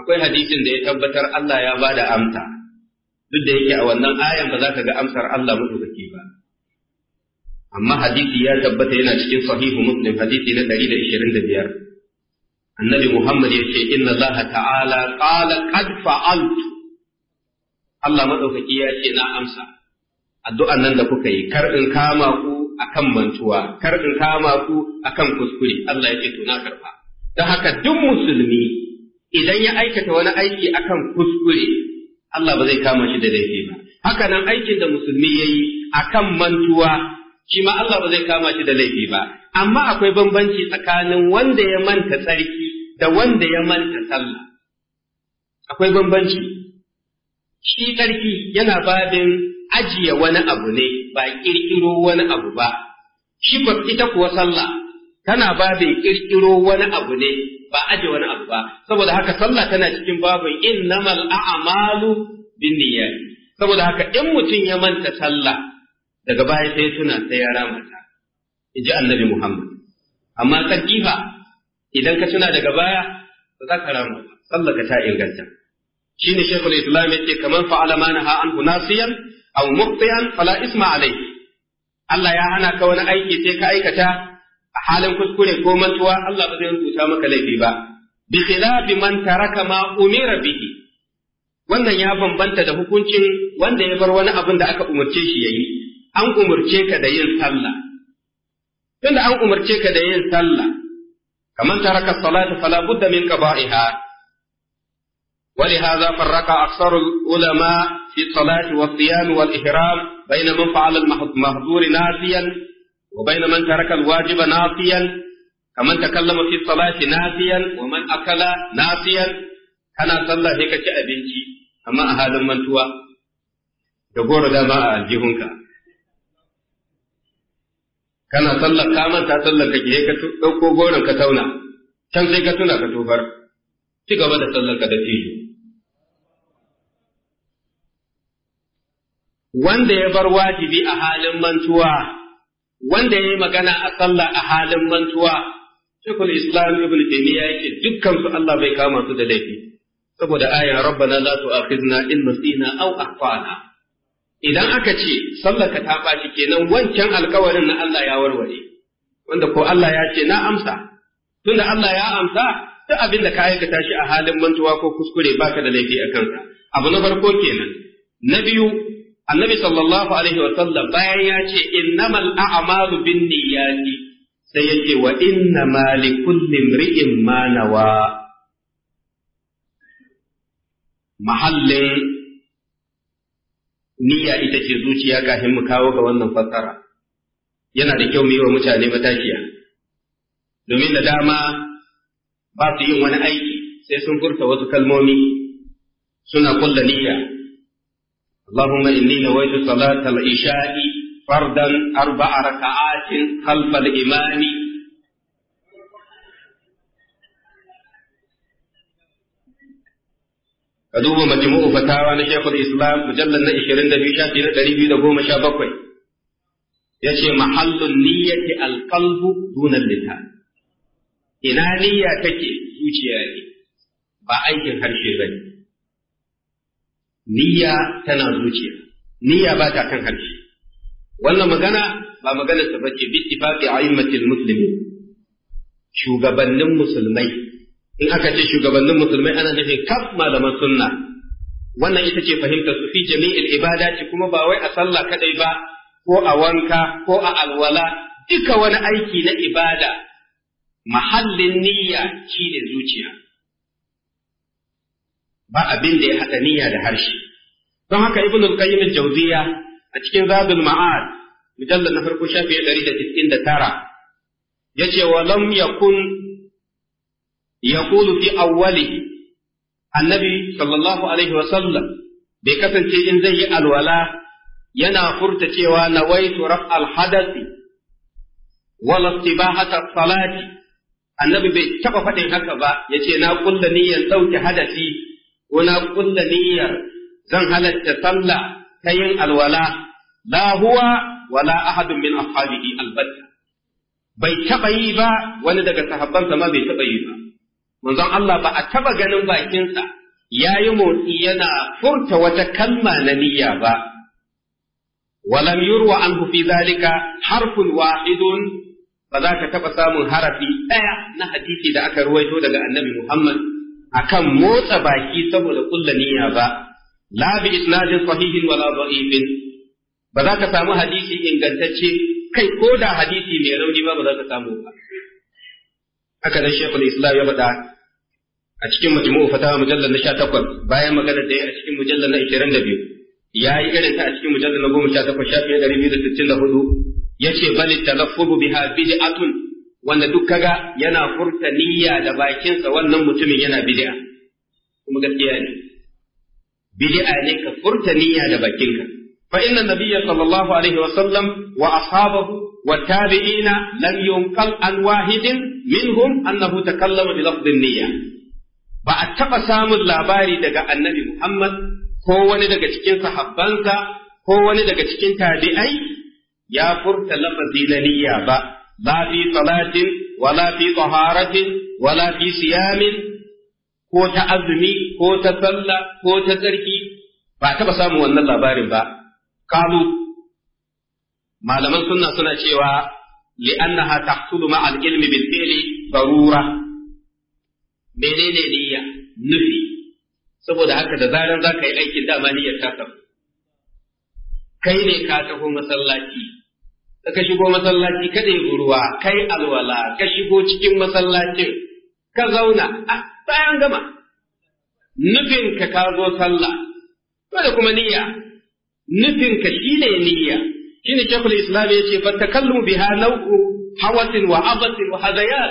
akwai hadisin da ya tabbatar Allah ya bada amsa duk da yake a wannan ayan ba za ka ga amsar Allah mutu amma hadisi ya tabbata yana cikin sahihu muslim hadisi na 125 annabi muhammad ya ce inna allah ta'ala qala qad fa'altu allah madaukaki ya ce na amsa addu'an nan da kuka yi kar in kama ku akan mantuwa kar in kama ku akan kuskure allah ya ce to na karfa dan haka duk musulmi idan ya aikata wani aiki akan kuskure Allah ba zai kama shi da laifi ba haka nan aikin da musulmi yayi akan mantuwa shi ma Allah ba zai kama shi da laifi ba amma akwai bambanci tsakanin wanda ya manta tsarki da wanda ya manta sallah akwai bambanci shi tsarki yana babin ajiye wani abu ne ba kirkiro wani abu ba shi ita kuwa sallah tana babin kirkiro wani abu ne ba aje wani abu ba saboda haka sallah tana cikin babin innamal a'malu binniyat saboda haka in mutum ya manta sallah daga baya sai suna sai ya in inji annabi Muhammad amma sarki fa idan ka tuna daga baya ba za ka rama sallaka ta inganta shine Shekul islam yake kamar fa'ala ma naha anhu nasiyan aw muqtiyan fala isma alai. Allah ya hana ka wani aiki sai ka aikata a halin kuskure ko mantuwa Allah ba zai rubuta maka laifi ba bi khilafi man taraka ma umira bihi wannan ya bambanta da hukuncin wanda ya bar wani abin da aka umarce shi ya yi. an umarce ka da yin sallah tunda an umarce ka da yin sallah kaman taraka salata fala budda min qada'iha ولهذا فرق أكثر العلماء في الصلاة والصيام والإحرام بين من فعل المحظور ناسيا وبين من ترك الواجب ناسيا كمن تكلم في الصلاة ناسيا ومن أكل ناسيا كان صلى هيك أبنتي أما أهل من توا دقور دماء الجهنك kana sallar ka manta sallar ka ke ka ɗauko goron ka tauna can sai ka tuna ka tobar ci gaba da sallar ka da tijo wanda ya bar wajibi a halin mantuwa wanda ya yi magana a sallah a halin mantuwa shekul islam ibn taymiya yake dukkan su Allah bai kama su da laifi saboda ayan rabbana la tu'akhizna in nasina aw akhtana idan aka ce sallaka ta ɓaci kenan wancan alkawarin na Allah ya warware wanda ko Allah ya ce na amsa tunda Allah ya amsa duk abin da ka aikata shi a halin mantuwa ko kuskure baka da laifi a kanka abu na farko kenan na biyu annabi sallallahu alaihi wa sallam bayan ya ce innamal a'malu binniyati sai ya ce wa innama kulli imri'in ma nawa mahallin niyya ita ce zuciya kafin mu kawo ga wannan fassara yana da kyau mu yi wa mutane matakiya. domin da dama ba su yin wani aiki sai sun furta wasu kalmomi suna kulla niyya اللهم إني نويت صلاة العشاء فردا أربع ركعات خلف الإمام ka duba majmu'u fatawa na Sheikhul Islam mujallal na 22 shafi na 217 yace mahallun niyyati alqalbu duna lisan ina niyya take zuciya ne ba aikin harshe bane niyya tana zuciya niyya ba ta kan harshe wannan magana ba magana ta bace bi ittifaqi a'immatil muslimin shugabannin musulmai in aka ce shugabannin musulmai ana nufin kaf malaman sunna wannan ita ce fahimtar su fi jami'il ibadati kuma ba wai a sallah kadai ba ko a wanka ko a alwala duka wani aiki na ibada mahallin niyya shine zuciya ba abin da ya haɗa niyya da harshe don haka ibnu al-qayyim al-jawziya a cikin zadul ma'ad mujallal na farko shafi 199 yace wa lam yakun yaqulu fi awwalihi annabi sallallahu alaihi wa sallam bai kasance in zai yi alwala yana furta cewa nawaitu raf'al hadathi wala istibahata salati annabi bai taba faɗin haka ba yace na kulla niyyar dauke hadasi ko na kulla niyyar zan halarta sallah ta yin alwala la wala ahadun min ashabihi albatta bai taba yi ba wani daga sahabbansa ma bai taba yi ba manzon Allah ba a taba ganin bakinsa ya yi motsi yana furta wata kalma na niyya ba walam yurwa anhu fi zalika harfun wahidun ba za ka taba samun harafi ɗaya na hadisi da aka ruwaito daga annabi Muhammad akan motsa baki saboda kulla niyya ba la bi isnadin sahihin wala da'ifin ba za ka samu hadisi ingantacce kai ko da hadisi mai rauni ba ba za ka samu ba haka nan shekul islam ya faɗa a cikin majmu'u fatawa mujallal na 18 bayan maganar da ya a cikin mujallal na 22 ya yi irin ta a cikin mujallal na 18 shafi 264 yace bal talaffuzu biha bid'atun wanda duk kaga yana furta niyya da bakinsa wannan mutumin yana bid'a kuma gaskiya ne bid'a ne ka furta niyya da bakinka fa inna nabiyya sallallahu alaihi wa sallam wa ashabahu wa tabi'ina lam yunqal an wahidin minhum annahu takallama bi lafdhin niyya ba a taɓa samun labari daga annabi Muhammad ko wani daga cikin sahabbansa ko wani daga cikin tabi'ai ya furta lafazi na niyya ba la fi salatin wala fi taharatin wala siyamin ko ta azumi ko ta sallah ko ta tsarki ba a taɓa samun wannan labarin ba kalu malaman sunna suna cewa li'annaha tahsulu ma al-ilmi bil fi'li darura menene niyya nufi saboda haka da zarar za ka yi aikin dama niyyar ta samu kai ne ka taho masallaci da ka shigo masallaci ka ɗebi ruwa kai alwala ka shigo cikin masallacin ka zauna a bayan gama nufin ka ka zo sallah da kuma niyya nufin ka ne niyya shine shekul islam yace fa takallumu biha nau'u hawasin wa abasin wa hadayan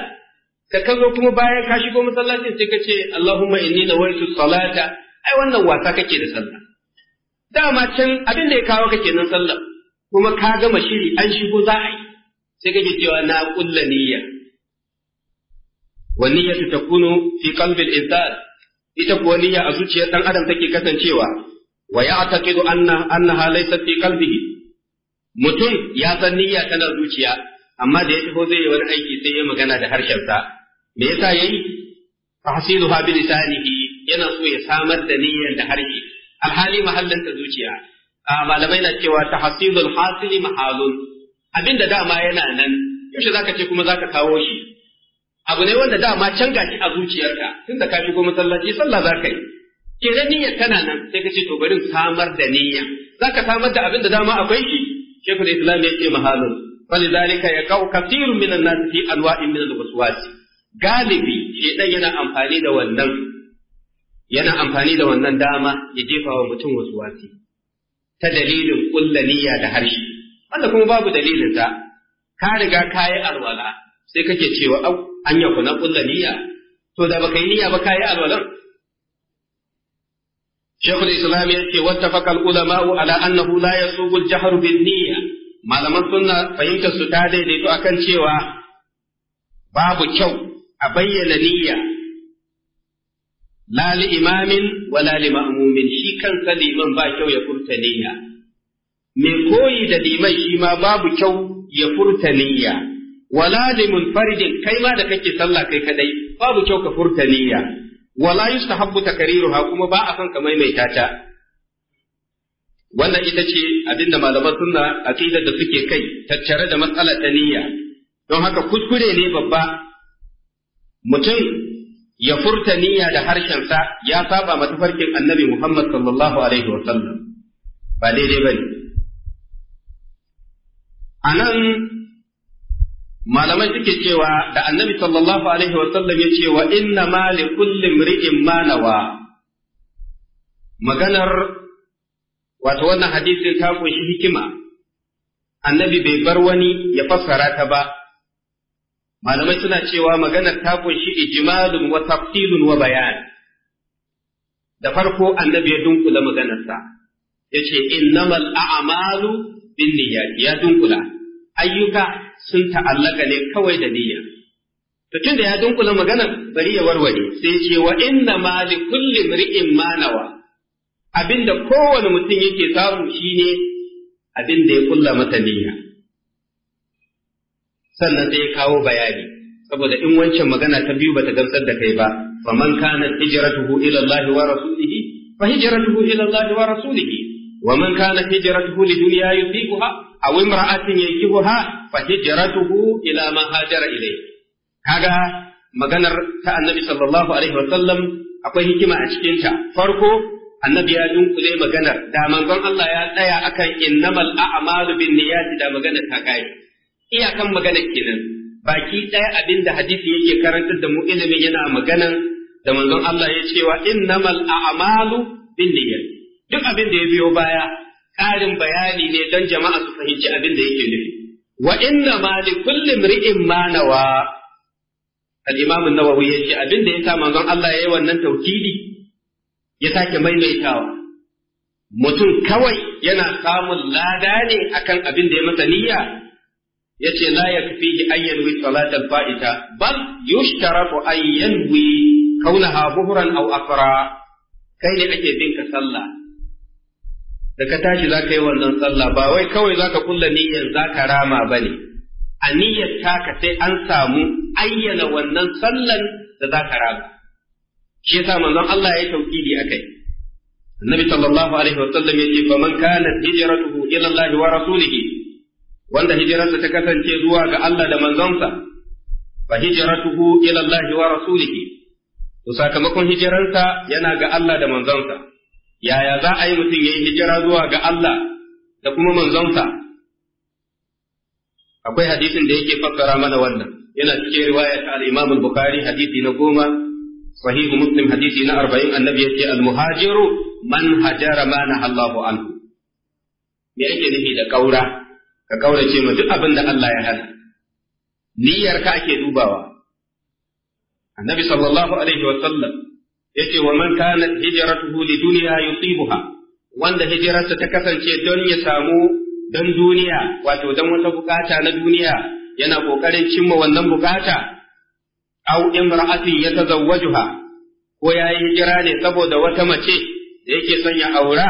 ka kazo kuma bayan ka shigo masallacin sai ka ce Allahumma inni nawaitu salata ai wannan wasa kake da sallah dama can abin da ya kawo ka kenan sallah kuma ka gama shiri an shigo za a yi sai kake cewa na kulla niyya wa niyyatu takunu fi qalbi al-insan ita kuwa niyya a zuciyar dan adam take kasancewa wa ya'taqidu anna annaha laysat fi qalbihi mutum ya san niyya tana zuciya amma da ya taho zai yi wani aiki sai ya magana da harshensa me yasa yayi ha bi lisanihi yana so ya samar da niyyar da harshe alhali mahallin ta zuciya malamai na cewa tahsilul hasili mahalun abinda dama yana nan yaushe zaka ce kuma zaka kawo shi abu ne wanda dama can gashi a zuciyarka tunda ka shigo masallaci sallah zaka yi ke da niyyar tana nan sai ka ce to bari samar da niyya zaka samar da abinda dama akwai shi شيخ islam ya ce فلذلك falidhalika كثير من الناس في انواع fi الوسواس غالبي al-waswas galibi shedan yana amfani da wannan yana amfani da wannan dama ya jefa wa mutum wasuwasi ta dalilin kullaniya da harshe wanda kuma babu dalilin ta ka riga kai alwala sai kake cewa au anya kuna kullaniya to da baka yi niyya ba kai alwalan shekul islam ce wata fakar ala annahu la yasubu al-jahru bin malaman suna fahimtar su ta daidaito akan cewa babu kyau a bayyana niyya la imamin wa la li shi kansa liman ba kyau ya furta niyya mai koyi da liman shi ma babu kyau ya furta niyya wala li munfaridin kai ma da kake sallah kai kaɗai, babu kyau ka furta niyya wala yustahabbu takriruha kuma ba a son ka maimaita ta wannan ita ce abinda malaman suna aqidar da suke kai tattare da matsalar ta niyya don haka kuskure ne babba mutum ya furta niyya da harshensa ya saba matafarkin annabi Muhammad sallallahu alaihi wa ba daidai bane anan malamai suke cewa da annabi sallallahu alaihi wa sallam ya ce wa inna ma li kulli mri'in ma nawa maganar wato wannan hadisin ta kunshi hikima annabi bai bar wani ya fassara ta ba malamai suna cewa maganar ta kunshi ijmalun wa tafsilun wa bayan da farko annabi ya dunkula maganarsa ya yace innamal a'malu binniyat ya dunkula ayyuka sun ta'allaka ne kawai da niyya to da ya dunkula magana, bari ya warware sai ce wa inna ma li kulli mri'in ma nawa abinda kowane mutum yake samu shine abinda ya kulla masa niyya sannan sai ya kawo bayani saboda in wancan magana ta biyu bata gamsar da kai ba faman kana hijratuhu ila Allah wa rasulihi fa hijratuhu ila Allah wa rasulihi wa man kana hijratuhu li dunya yusibuha aw imra'atin ha? fa hijratuhu ila ma hajara ilai kaga maganar ta annabi sallallahu alaihi wa sallam akwai hikima a cikin ta farko annabi ya dunkule maganar da manzon Allah ya tsaya akan innamal a'malu niyyati da maganar ta kai iyakan maganar kenan baki ɗaya abinda da hadisi yake karantar da mu ilimin yana maganar. da manzon Allah ya cewa innamal a'malu niyyati duk abin da ya biyo baya ƙarin bayani ne don jama'a su fahimci abin da yake nufi wa inna ma li kulli imri'in ma nawa al-imam an-nawawi yace abin da yasa manzon Allah yayi wannan tauhidi ya sake maimaitawa mutum kawai yana samun lada ne akan abin da ya masa niyya yace la yakfihi an wi salat al-fa'ita bal yushtaratu an yanwi kaunaha buhran aw asra kai ne ake bin ka sallah da ka tashi za ka yi wannan sallah ba wai kawai za ka kulla niyyar za ka rama ba ne, a niyyar taka sai an samu ayyana wannan sallan da za ka rama. Shi yasa manzon Allah ya tauƙidi a kai. Annabi sallallahu alaihi wasallam ya ce faman kanat hijratuhu ila Allah wa rasulihi wanda hijirarsa ta kasance zuwa ga Allah da manzonsa fa hijratuhu ila Allah wa rasulihi to sakamakon hijiransa yana ga Allah da manzonsa yaya za a yi mutum ya yi hijira zuwa ga Allah da kuma manzonsa akwai hadisin da yake fassara mana wannan yana cikin riwaya ta al-Imam al-Bukhari hadisi na goma sahihu Muslim hadisi na 40 annabi yake al-muhajiru man hajara ma nahallahu anhu me yake nufi da kaura ka kaurace ma duk abin da Allah ya hana niyyarka ake dubawa annabi sallallahu alaihi wa sallam yace wa man kana hijratuhu lidunya yusibuha wanda hijirarsa ta kasance don ya samu don duniya wato don wata bukata na duniya yana kokarin cimma wannan bukata aw imra'atin yatazawwajuha ko yayi hijira ne saboda wata mace da yake son ya aura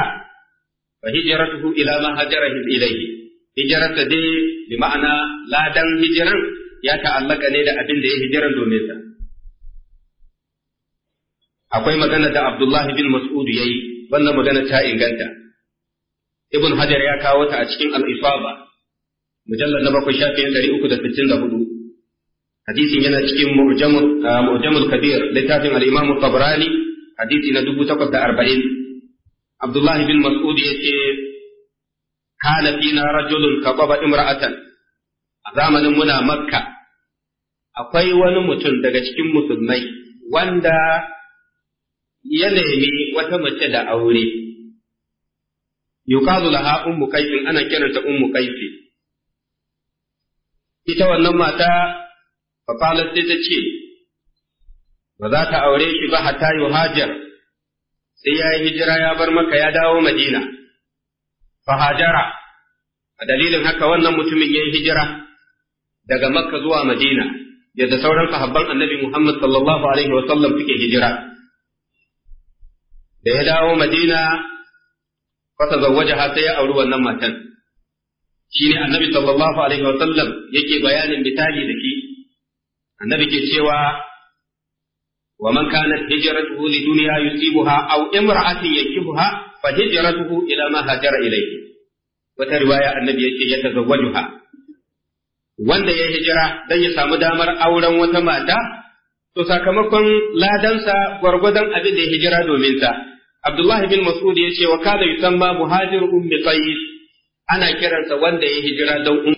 fa hijratuhu ila ma hajarahu ilayhi hijrarsa dai bi ma'ana ladan hijiran ya ta'allaka ne da abin da ya hijiran domin sa akwai magana da Abdullahi bin Mas'ud yi. wannan magana ta inganta Ibn Hajar ya kawo ta a cikin Al-Isaba mujallal na bakwai shafin ɗari uku da sittin da hudu hadisin yana cikin mu'jamul ah, kabir littafin al-imamu tabrani hadisi na dubu takwas da arba'in abdullahi bin mas'ud ya ce kana fina rajulun kababa imra'atan a zamanin muna makka akwai wani mutum daga cikin musulmai wanda ya nemi wata mace da aure yukazu laha ummu kayfin ana kiranta ummu kayfi ita wannan mata fa ta ce ba za ta aure shi ba hatta hajar, sai ya yi hijira ya bar maka ya dawo madina fa hajara a dalilin haka wannan mutumin ya yi hijira daga makka zuwa madina yadda sauran sahabban annabi muhammad sallallahu alaihi wa sallam suke hijira da ya dawo Madina fata zawwaja ha sai ya auri wannan matan ne annabi sallallahu alaihi wa sallam yake bayanin misali da ke? annabi ke cewa wa man kana hijratuhu li dunya yusibuha aw imra'atin yakibuha fa hijratuhu ila ma hajara ilayhi wata riwaya annabi yake ya tazawwajuha wanda ya hijira dan ya samu damar auren wata mata to sakamakon ladansa gwargwadon abin da ya hijira domin ta Abdullahi bin Mas'ud ya ce wa kada yusamma muhajir ummi qais ana kiransa wanda ya hijira don